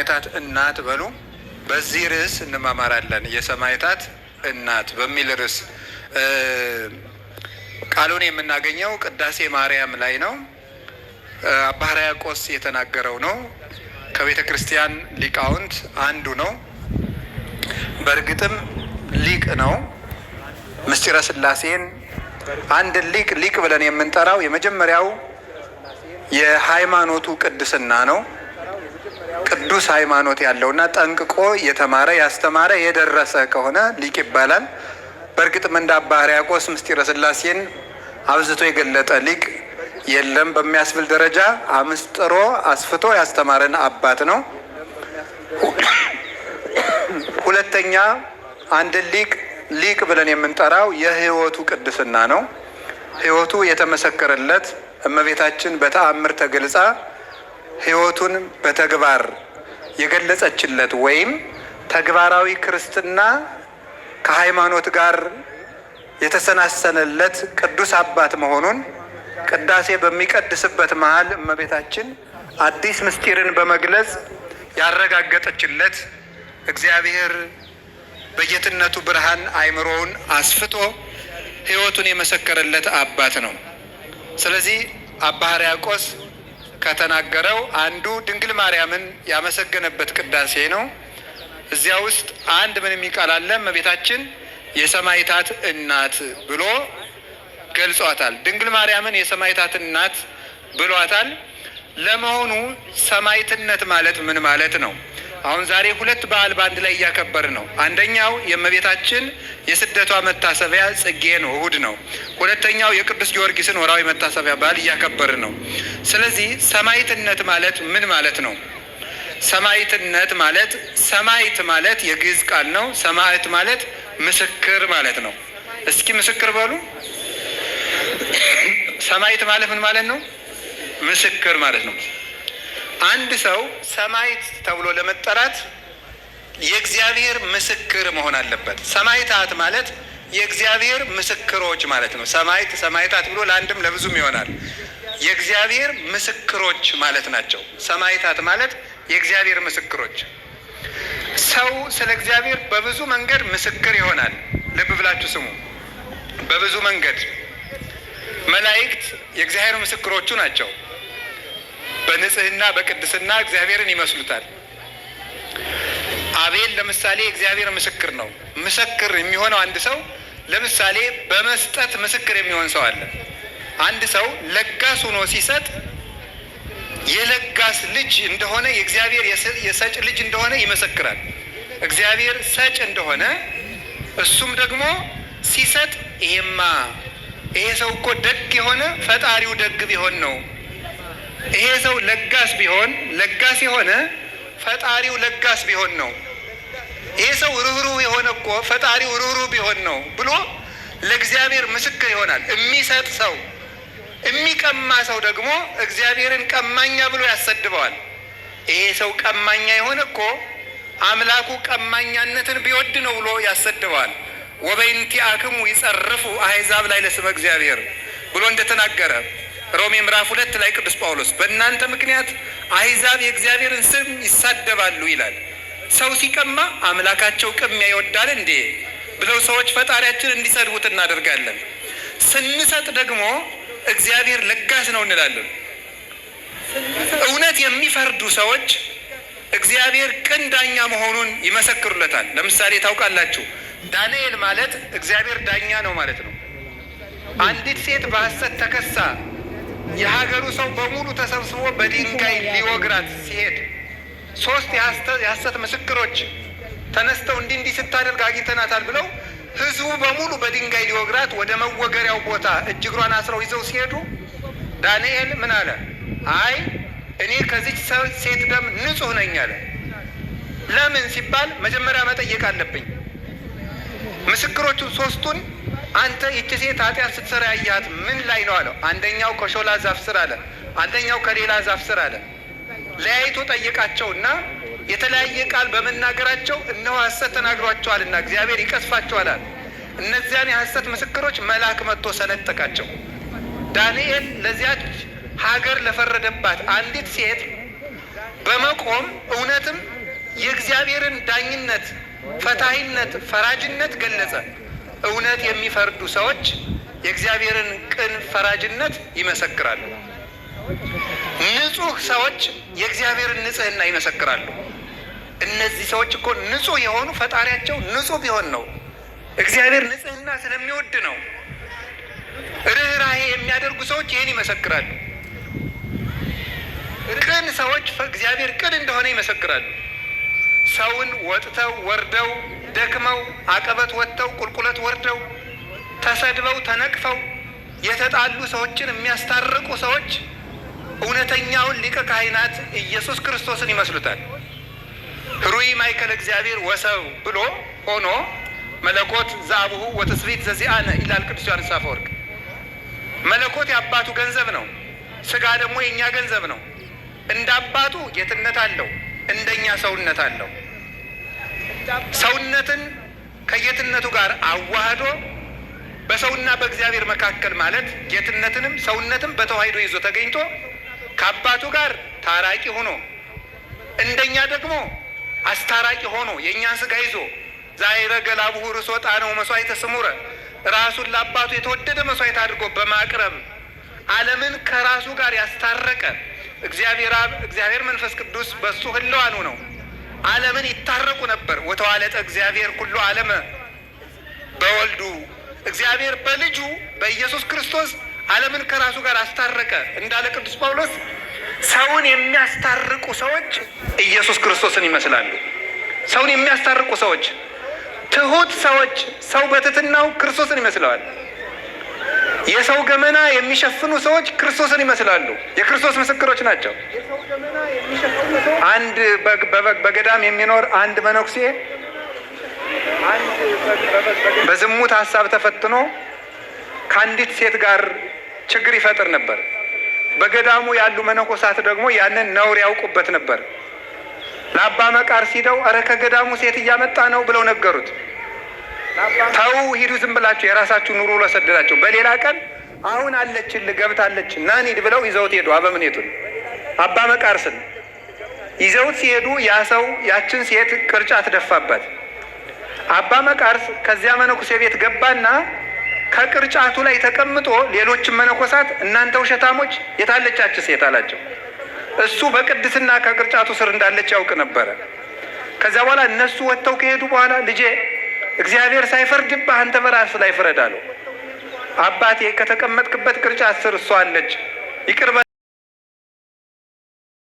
የሰማይታት እናት በሉ። በዚህ ርዕስ እንማማራለን። የሰማይታት እናት በሚል ርዕስ ቃሉን የምናገኘው ቅዳሴ ማርያም ላይ ነው። አባ ሕርያቆስ የተናገረው ነው። ከቤተ ክርስቲያን ሊቃውንት አንዱ ነው። በእርግጥም ሊቅ ነው። ምስጢረ ስላሴን አንድ ሊቅ ሊቅ ብለን የምንጠራው የመጀመሪያው የሃይማኖቱ ቅድስና ነው። ቅዱስ ሃይማኖት ያለውና ጠንቅቆ የተማረ ያስተማረ የደረሰ ከሆነ ሊቅ ይባላል። በእርግጥም እንደ አባ ሕርያቆስ ምስጢረ ሥላሴን አብዝቶ የገለጠ ሊቅ የለም በሚያስብል ደረጃ አምስጥሮ አስፍቶ ያስተማረን አባት ነው። ሁለተኛ አንድ ሊቅ ሊቅ ብለን የምንጠራው የህይወቱ ቅድስና ነው። ህይወቱ የተመሰከረለት እመቤታችን በተአምር ተገልጻ ሕይወቱን በተግባር የገለጸችለት ወይም ተግባራዊ ክርስትና ከሃይማኖት ጋር የተሰናሰነለት ቅዱስ አባት መሆኑን ቅዳሴ በሚቀድስበት መሀል እመቤታችን አዲስ ምስጢርን በመግለጽ ያረጋገጠችለት እግዚአብሔር በየትነቱ ብርሃን አይምሮውን አስፍቶ ሕይወቱን የመሰከረለት አባት ነው። ስለዚህ አባ ሕርያቆስ ከተናገረው አንዱ ድንግል ማርያምን ያመሰገነበት ቅዳሴ ነው። እዚያ ውስጥ አንድ ምንም ይቃላለ እመቤታችን የሰማይታት እናት ብሎ ገልጿታል። ድንግል ማርያምን የሰማይታት እናት ብሏታል። ለመሆኑ ሰማይትነት ማለት ምን ማለት ነው? አሁን ዛሬ ሁለት በዓል በአንድ ላይ እያከበር ነው። አንደኛው የእመቤታችን የስደቷ መታሰቢያ ጽጌ ነው፣ እሁድ ነው። ሁለተኛው የቅዱስ ጊዮርጊስን ወራዊ መታሰቢያ በዓል እያከበር ነው። ስለዚህ ሰማይትነት ማለት ምን ማለት ነው? ሰማይትነት ማለት ሰማይት ማለት የግዕዝ ቃል ነው። ሰማዕት ማለት ምስክር ማለት ነው። እስኪ ምስክር በሉ። ሰማይት ማለት ምን ማለት ነው? ምስክር ማለት ነው። አንድ ሰው ሰማይት ተብሎ ለመጠራት የእግዚአብሔር ምስክር መሆን አለበት። ሰማይታት ማለት የእግዚአብሔር ምስክሮች ማለት ነው። ሰማይት ሰማይታት ብሎ ለአንድም ለብዙም ይሆናል። የእግዚአብሔር ምስክሮች ማለት ናቸው። ሰማይታት ማለት የእግዚአብሔር ምስክሮች። ሰው ስለ እግዚአብሔር በብዙ መንገድ ምስክር ይሆናል። ልብ ብላችሁ ስሙ። በብዙ መንገድ መላእክት የእግዚአብሔር ምስክሮቹ ናቸው። በንጽህና በቅድስና እግዚአብሔርን ይመስሉታል። አቤል ለምሳሌ እግዚአብሔር ምስክር ነው። ምስክር የሚሆነው አንድ ሰው ለምሳሌ በመስጠት ምስክር የሚሆን ሰው አለ። አንድ ሰው ለጋስ ሆኖ ሲሰጥ የለጋስ ልጅ እንደሆነ የእግዚአብሔር የሰጭ ልጅ እንደሆነ ይመሰክራል። እግዚአብሔር ሰጭ እንደሆነ እሱም ደግሞ ሲሰጥ ይሄማ ይሄ ሰው እኮ ደግ የሆነ ፈጣሪው ደግ ቢሆን ነው ይሄ ሰው ለጋስ ቢሆን ለጋስ የሆነ ፈጣሪው ለጋስ ቢሆን ነው። ይሄ ሰው ርኅሩህ የሆነ እኮ ፈጣሪው ርኅሩህ ቢሆን ነው ብሎ ለእግዚአብሔር ምስክር ይሆናል። የሚሰጥ ሰው የሚቀማ ሰው ደግሞ እግዚአብሔርን ቀማኛ ብሎ ያሰድበዋል። ይሄ ሰው ቀማኛ የሆነ እኮ አምላኩ ቀማኛነትን ቢወድ ነው ብሎ ያሰድበዋል። ወበይንቲ አክሙ ይጸርፉ አሕዛብ ላይ ለስመ እግዚአብሔር ብሎ እንደተናገረ ሮሜ ምዕራፍ ሁለት ላይ ቅዱስ ጳውሎስ በእናንተ ምክንያት አሕዛብ የእግዚአብሔርን ስም ይሳደባሉ ይላል። ሰው ሲቀማ አምላካቸው ቅሚያ ይወዳል እንዴ ብለው ሰዎች ፈጣሪያችን እንዲሰድቡት እናደርጋለን። ስንሰጥ ደግሞ እግዚአብሔር ለጋስ ነው እንላለን። እውነት የሚፈርዱ ሰዎች እግዚአብሔር ቅን ዳኛ መሆኑን ይመሰክሩለታል። ለምሳሌ ታውቃላችሁ፣ ዳንኤል ማለት እግዚአብሔር ዳኛ ነው ማለት ነው። አንዲት ሴት በሐሰት ተከሳ የሀገሩ ሰው በሙሉ ተሰብስቦ በድንጋይ ሊወግራት ሲሄድ ሶስት የሐሰት ምስክሮች ተነስተው እንዲህ እንዲህ ስታደርግ አግኝተናታል ብለው ህዝቡ በሙሉ በድንጋይ ሊወግራት ወደ መወገሪያው ቦታ እጅግሯን አስረው ይዘው ሲሄዱ ዳንኤል ምን አለ? አይ እኔ ከዚች ሴት ደም ንጹህ ነኝ አለ። ለምን ሲባል መጀመሪያ መጠየቅ አለብኝ ምስክሮቹን ሶስቱን አንተ ይቺ ሴት ኃጢአት ስትሰራ ያያት ምን ላይ ነው አለው። አንደኛው ከሾላ ዛፍ ስር አለ፣ አንደኛው ከሌላ ዛፍ ስር አለ። ለያይቶ ጠይቃቸውና የተለያየ ቃል በመናገራቸው እነሆ ሐሰት ተናግሯቸዋልና እግዚአብሔር ይቀስፋቸዋል አለ። እነዚያን የሐሰት ምስክሮች መልአክ መጥቶ ሰነጠቃቸው። ዳንኤል ለዚያች ሀገር ለፈረደባት አንዲት ሴት በመቆም እውነትም የእግዚአብሔርን ዳኝነት፣ ፈታሂነት፣ ፈራጅነት ገለጸ። እውነት የሚፈርዱ ሰዎች የእግዚአብሔርን ቅን ፈራጅነት ይመሰክራሉ። ንጹህ ሰዎች የእግዚአብሔርን ንጽህና ይመሰክራሉ። እነዚህ ሰዎች እኮ ንጹህ የሆኑ ፈጣሪያቸው ንጹህ ቢሆን ነው። እግዚአብሔር ንጽህና ስለሚወድ ነው። ርኅራሄ የሚያደርጉ ሰዎች ይህን ይመሰክራሉ። ቅን ሰዎች እግዚአብሔር ቅን እንደሆነ ይመሰክራሉ። ሰውን ወጥተው ወርደው ደክመው አቀበት ወጥተው ቁልቁለት ወርደው ተሰድበው ተነቅፈው የተጣሉ ሰዎችን የሚያስታርቁ ሰዎች እውነተኛውን ሊቀ ካህናት ኢየሱስ ክርስቶስን ይመስሉታል። ሩይ ማይከል እግዚአብሔር ወሰብ ብሎ ሆኖ መለኮት ዘአቡሁ ወትስብእት ዘዚአነ ይላል ቅዱስ ዮሐንስ አፈወርቅ። መለኮት የአባቱ ገንዘብ ነው፣ ስጋ ደግሞ የእኛ ገንዘብ ነው። እንደ አባቱ ጌትነት አለው፣ እንደኛ ሰውነት አለው። ሰውነትን ከጌትነቱ ጋር አዋህዶ በሰውና በእግዚአብሔር መካከል ማለት ጌትነትንም ሰውነትም በተዋሂዶ ይዞ ተገኝቶ ከአባቱ ጋር ታራቂ ሆኖ እንደኛ ደግሞ አስታራቂ ሆኖ የእኛን ስጋ ይዞ ዛይረ ገላቡሁ ርእሶ ጣነው መስዋዕተ ስሙረ ራሱን ለአባቱ የተወደደ መስዋዕት አድርጎ በማቅረብ ዓለምን ከራሱ ጋር ያስታረቀ እግዚአብሔር አብ እግዚአብሔር መንፈስ ቅዱስ በሱ ህለዋኑ ነው። ዓለምን ይታረቁ ነበር። ወተዋለጠ እግዚአብሔር ሁሉ አለም በወልዱ እግዚአብሔር በልጁ በኢየሱስ ክርስቶስ ዓለምን ከራሱ ጋር አስታረቀ እንዳለ ቅዱስ ጳውሎስ ሰውን የሚያስታርቁ ሰዎች ኢየሱስ ክርስቶስን ይመስላሉ። ሰውን የሚያስታርቁ ሰዎች፣ ትሁት ሰዎች፣ ሰው በትትናው ክርስቶስን ይመስለዋል። የሰው ገመና የሚሸፍኑ ሰዎች ክርስቶስን ይመስላሉ። የክርስቶስ ምስክሮች ናቸው። አንድ በገዳም የሚኖር አንድ መነኩሴ በዝሙት ሀሳብ ተፈትኖ ከአንዲት ሴት ጋር ችግር ይፈጥር ነበር። በገዳሙ ያሉ መነኮሳት ደግሞ ያንን ነውር ያውቁበት ነበር። ለአባ መቃር ሲደው እረ ከገዳሙ ሴት እያመጣ ነው ብለው ነገሩት። ተው ሂዱ፣ ዝም ብላችሁ የራሳችሁ ኑሮ ለሰደዳቸው። በሌላ ቀን አሁን አለችን ገብታለች ናኒድ ብለው ይዘውት ሄዱ። አበምኔቱን አባ መቃርስን ይዘውት ሲሄዱ ያ ሰው ያችን ሴት ቅርጫት ደፋባት። አባ መቃርስ ከዚያ መነኩሴ ቤት ገባና ከቅርጫቱ ላይ ተቀምጦ ሌሎችን መነኮሳት እናንተ ውሸታሞች የታለቻች ሴት አላቸው። እሱ በቅድስና ከቅርጫቱ ስር እንዳለች ያውቅ ነበረ። ከዚያ በኋላ እነሱ ወጥተው ከሄዱ በኋላ ልጄ እግዚአብሔር ሳይፈርድብህ አንተ በራስ ላይ ፍረድ አለው። አባቴ ከተቀመጥክበት ቅርጫት ስር እሷ አለች ይቅርበ